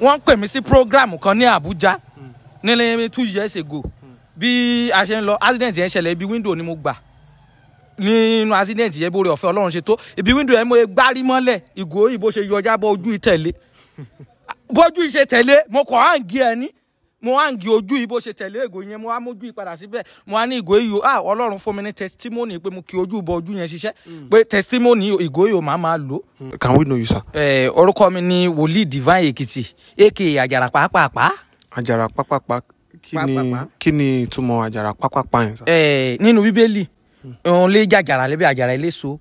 wọ́n pè mí sí program kan ní Abuja nílẹ̀ two years ago bí a ṣe ń lọ accident yẹn ṣẹlẹ̀ ibi window ni mo gbà nínú accident yẹn bóore ọ̀fẹ́ Ọlọ́run ṣe tó ibi window yẹn mo gbárí mọ́lẹ̀ ìgò òyìnbó ṣe yọjá bọ́ ojú ìtẹ̀lé bójú ìṣe tẹ̀lé mo kọ̀ áǹgì ẹni mo wá ń gi ojú yìí bó ṣe tẹ̀lé ègò yẹn mo wá mójú yìí padà síbẹ̀ mo wá ní ìgò yìí o ah ọlọ́run fún mi ní testimony pé mo kí ojú bọ ojú yẹn ṣiṣẹ́ mm. pé testimony ìgò yìí o màá máa lò. Mm. can we know you sir. ẹ eh, orúkọ mi ni wòlíì divine èkìtì aka àjàrà pàápàá. àjàrà pàápàá kí ni kí ni ìtumọ̀ àjàrà pàápàá yẹn sir. ẹ eh, nínú bíbélì mm. òun lè jàjàrà lẹ́bí àjàrà eléso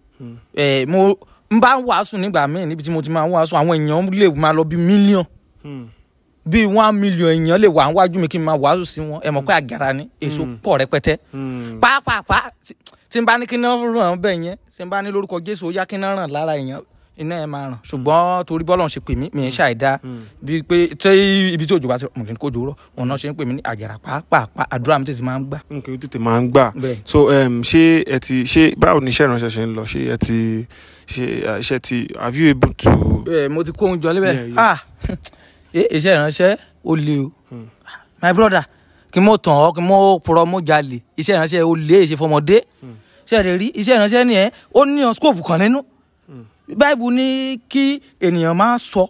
ẹ eh, mo n bá wàásù nígbà míì níbi tí mo ti máa wàásù àwọn èèyàn lè máa lọ bí mílíọ̀n bíi one million èèyàn lè wà níwájú mi kí n máa wàásù sí wọn ẹ mọ̀ pé mm. àgàrà ni mm. èso pọ̀ rẹpẹtẹ mm. pàápàá tí n bá ní kí n ràn bẹ́ẹ̀ yẹn tí n bá ní lórúkọ jésù ó yá kí n ràn lára èèyàn iná ẹ máa ràn ṣùgbọ́n torí bọ́lọ̀ ṣe pè mí mi ń ṣàìdá bíi pé tí ibi tí òjò ti mọ̀ kí n kojú wọn náà ṣe ń pè mí ní àjàrà pàápàá àdúrà mi tètè máa ń gbà. nǹkan tètè máa ń gbà so um, ṣé ẹ ti ṣé báwo ni iṣẹ́ ìránṣẹ́ ṣe ń lọ ṣé ẹ ti ṣe iṣẹ́ ti have you able to. mo ti kó oúnjẹ lébẹ̀ ah iṣẹ́ ìránṣẹ́ ó le o hmm. my brother kí mo tàn ọ́ kí mo purọ́ mo jalè iṣẹ́ ìránṣẹ́ ó le ṣe fọmọdé hmm. ṣe rè rí iṣẹ́ ìránṣẹ́ nìyẹn ó ní ọ scope kan nínú hmm. báìbù ní kí ènìyàn máa sọ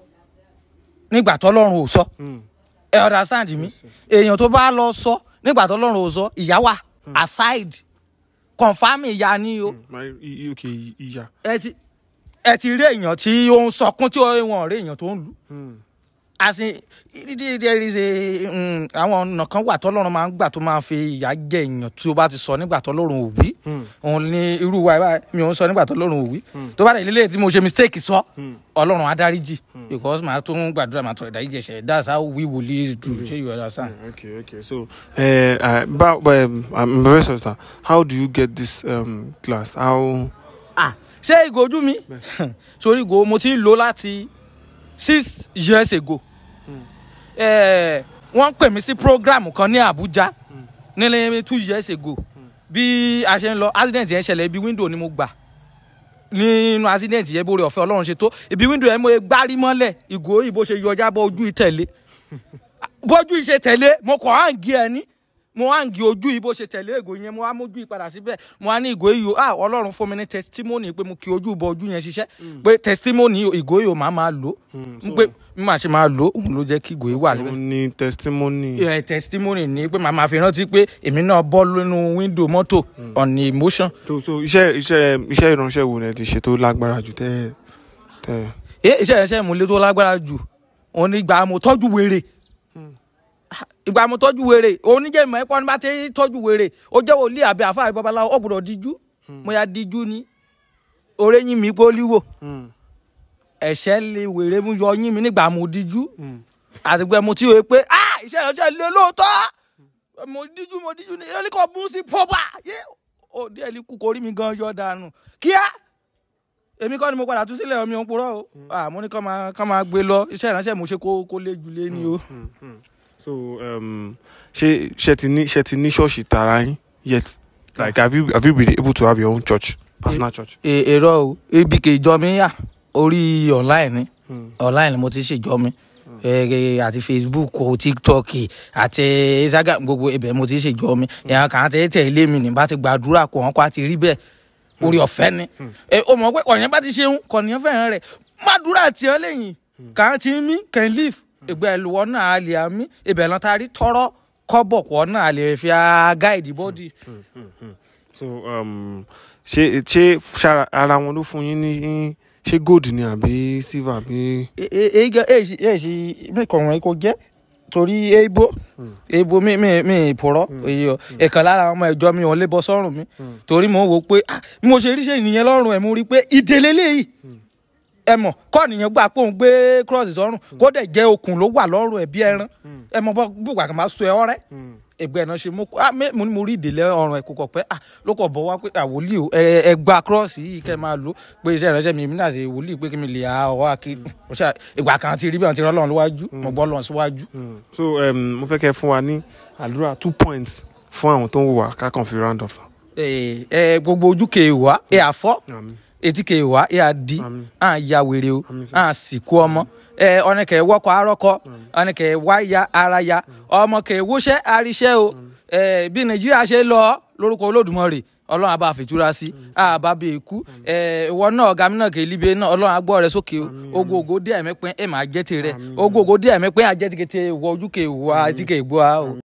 nígbà tọ́lọ́run ò sọ ẹ understand mi èèyàn tó bá lọ sọ nígbà tọ́lọ́run ò sọ ìyá wà aside confam ìyá ni o. ok ìyá. ẹ ti rí èèyàn tí ó ń sọkún tí wọn rí èèyàn tó ń lù as there is a mm, àwọn ọ̀nà kan wà tọ́lọ́run máa ń gbà tó máa fi ìyà jẹ èèyàn tí o bá ti sọ nígbà tọ́lọ́run ò wí hmm. òun ni irú wa mi ò ń sọ nígbà tọ́lọ́run ò wí hmm. tó bá dẹ̀ lélẹ̀ tí mo ṣe mistake sọ hmm. ọlọ́run á because màá tó ń gbàdúrà màá tọrọ ìdáríjì ẹ̀ṣẹ̀ that's how we will lead to ṣé you understand. okay okay so eh, eh, bá um, very sorry sir how do you get this um, class how. ah ṣé ìgò ojú mi sórí ìgò mo ti ń lò láti six years ago. Eh, wọ́n pè mí sí program kan ní Abuja hmm. ní two years ago hmm. bí a ṣe ń lọ accident yẹn ṣẹlẹ̀ ibi window ni mo gbà nínú accident yẹn bó rẹ ọ̀fẹ́ Ọlọ́run ṣe tó ibi window yẹn mo gbárí mọ́lẹ̀ ìgò òyìnbó ṣe yọjá bọ́ ojú ìtẹ̀lé bójú ìṣe tẹ̀lé mo kọ̀ á ń ẹni mo wá ń gi ojú yìí bó ṣe tẹ̀lé ègò yẹn mo wá mójú yìí padà síbẹ̀ mo wá ní ìgò yìí ah ọlọ́run fún mi ní testimony pé mo kì ojú bọ ojú yẹn ṣiṣẹ́ mm. pé testimony ìgò yìí o máa máa lò ó mm, pé mo máa ṣe máa lò ó ló jẹ́ kí ìgò yìí wà níbẹ̀. ní testimony. ẹ testimony ni pé màá fi rántí pé èmi náà bọ́ nínú window mọ́tò mm. on emotion. so so iṣẹ́ iṣẹ́ iṣẹ́ ìránṣẹ́ wo ni ti ṣe tó lágbára jù tẹ́ tẹ́. Eh, iṣẹ́ ìránṣẹ́ ìgbà mo tọ́jú wèrè oníjẹ́ ìmọ̀ ẹ̀pọ̀ ní bá ti tọ́jú wèrè ó jẹ́ wòlí àbí àfáà babaláwo ó gbọ́dọ̀ díjú hmm. mo ya díjú ni oore yín mi pólíwò hmm. ẹ̀ṣẹ́ lè wèrè mú yọ yín mi nígbà mo díjú hmm. àtìgbẹ́ mo ti rò pé ah iṣẹ́ ìránṣẹ́ ilé olóòótọ́ mo díjú mo díjú ni eléyìí kò bú sí pọ́pà yé ó díẹ̀ ní kú korí mi gan yọ dànù kíá èmi kọ́ ni mo padà tú sílẹ̀ omi òun purọ́ o àmọ́ ah, ní kọ́ máa gbé lọ iṣẹ́ ìránṣẹ́ mo ṣe kó lé jù lé ni o so um ṣe ti ní ṣe ti ní ṣọ́ọ̀ṣì tara yín yet like have you have you been able to have your own church personal e, church. E, èrò o ibi kejọ mi yà orí online ni hmm. online ni mo ti ṣèjọ mi hmm. e, àti facebook o tiktok àti instagram gbogbo ibẹ̀ mo ti ṣèjọ hmm. mi ìyàn kàn án tẹ tẹ̀lé mi nígbà tí gbàdúrà kò wọn kó àti rí bẹ́ẹ̀ orí ọ̀fẹ́ ni o mọ̀ pé ọ̀yàn bá ti ṣeun kọ̀nìyàn fẹ́ràn rẹ̀ má dúrà tiẹ̀ lẹ́yìn kàn ti mí can leave ìgbà ìlúwọ náà a lè àmì ibẹ̀ lọ́n ta rí tọ́rọ́ kọ́bọ̀ pọ̀ náà a lè fi aga ìdìbòdì. Hmm, hmm, hmm, so um, ṣe ṣe ara wọn ló fún yín ní ṣé gold ni àbí silver àbí. èyí èyí mẹ́kàn wọn kò jẹ́ torí èèbó èèbó mi mi mi ìpòrọ èyí ọ ẹ̀kan lára àwọn ọmọ ìjọ mi ò lè bọ́ sọ́rùn mi torí mo wò pé ah, mo ṣe ríṣẹ́ ìnìyẹn lọ́rùn ẹ̀ mo rí i pé ìdèlélẹ́yìí ẹ mọ̀ kọ́ nìyẹn gbà pé òun gbé cross sọ́rùn hmm. kó dẹ̀ jẹ́ okùn ló wà lọ́rùn ẹ̀ hmm. ẹran ẹ mọ̀ bọ́ bùgbà kan sọ ẹ ọ̀rẹ́ hmm. ẹgbẹ́ náà ṣe mú ah mo rí ìdílé ọ̀ràn ẹ̀kọ́ kọ̀ pé ah ló kọ̀ bọ̀ wá pé àwòlí o ẹ gba cross yìí kẹ́ máa lò pé iṣẹ́ ìránṣẹ́ mi mi náà ṣe wòlíì pé kí mi lè ha ọwọ́ akí ìgbà kan ti rí bí wọn ti rán lọ́run lọ́wájú mo gbọ́ lọ́run síwájú. so mo fẹ́ kẹ́ fún wa ní àdúrà two points fún àwọn tó ń wà kákan fi round up. ẹ gbogbo ojúkè wá ẹ àfọ́ etike ìwà ẹ à di à ya wèrè o à ń sìnkú ọmọ ẹ ọ̀nà kẹ̀ wọ́kọ̀ arọ́kọ ọ̀nà kẹ̀ wáyà ara ya ọmọ kẹ̀ wúṣẹ́ àríṣẹ́ o ẹ bí nàìjíríà ṣe lọ lórúkọ olódùmarè ọlọ́run àbá àfìtúra sí àbá bí ikú ìwọ náà ọ̀gá mi náà kì í náà ọlọ́run agbọ́ rẹ sókè o ogo ogo díẹ̀ mẹ́pẹ́ ẹ̀ máa jẹ́ tirẹ̀ ogo ogo díẹ̀ mẹ́pẹ́ àjẹ́ tìkẹ́tì ìwọ ojúkè ìwọ àtìkẹ́ ìgbọ́ a o.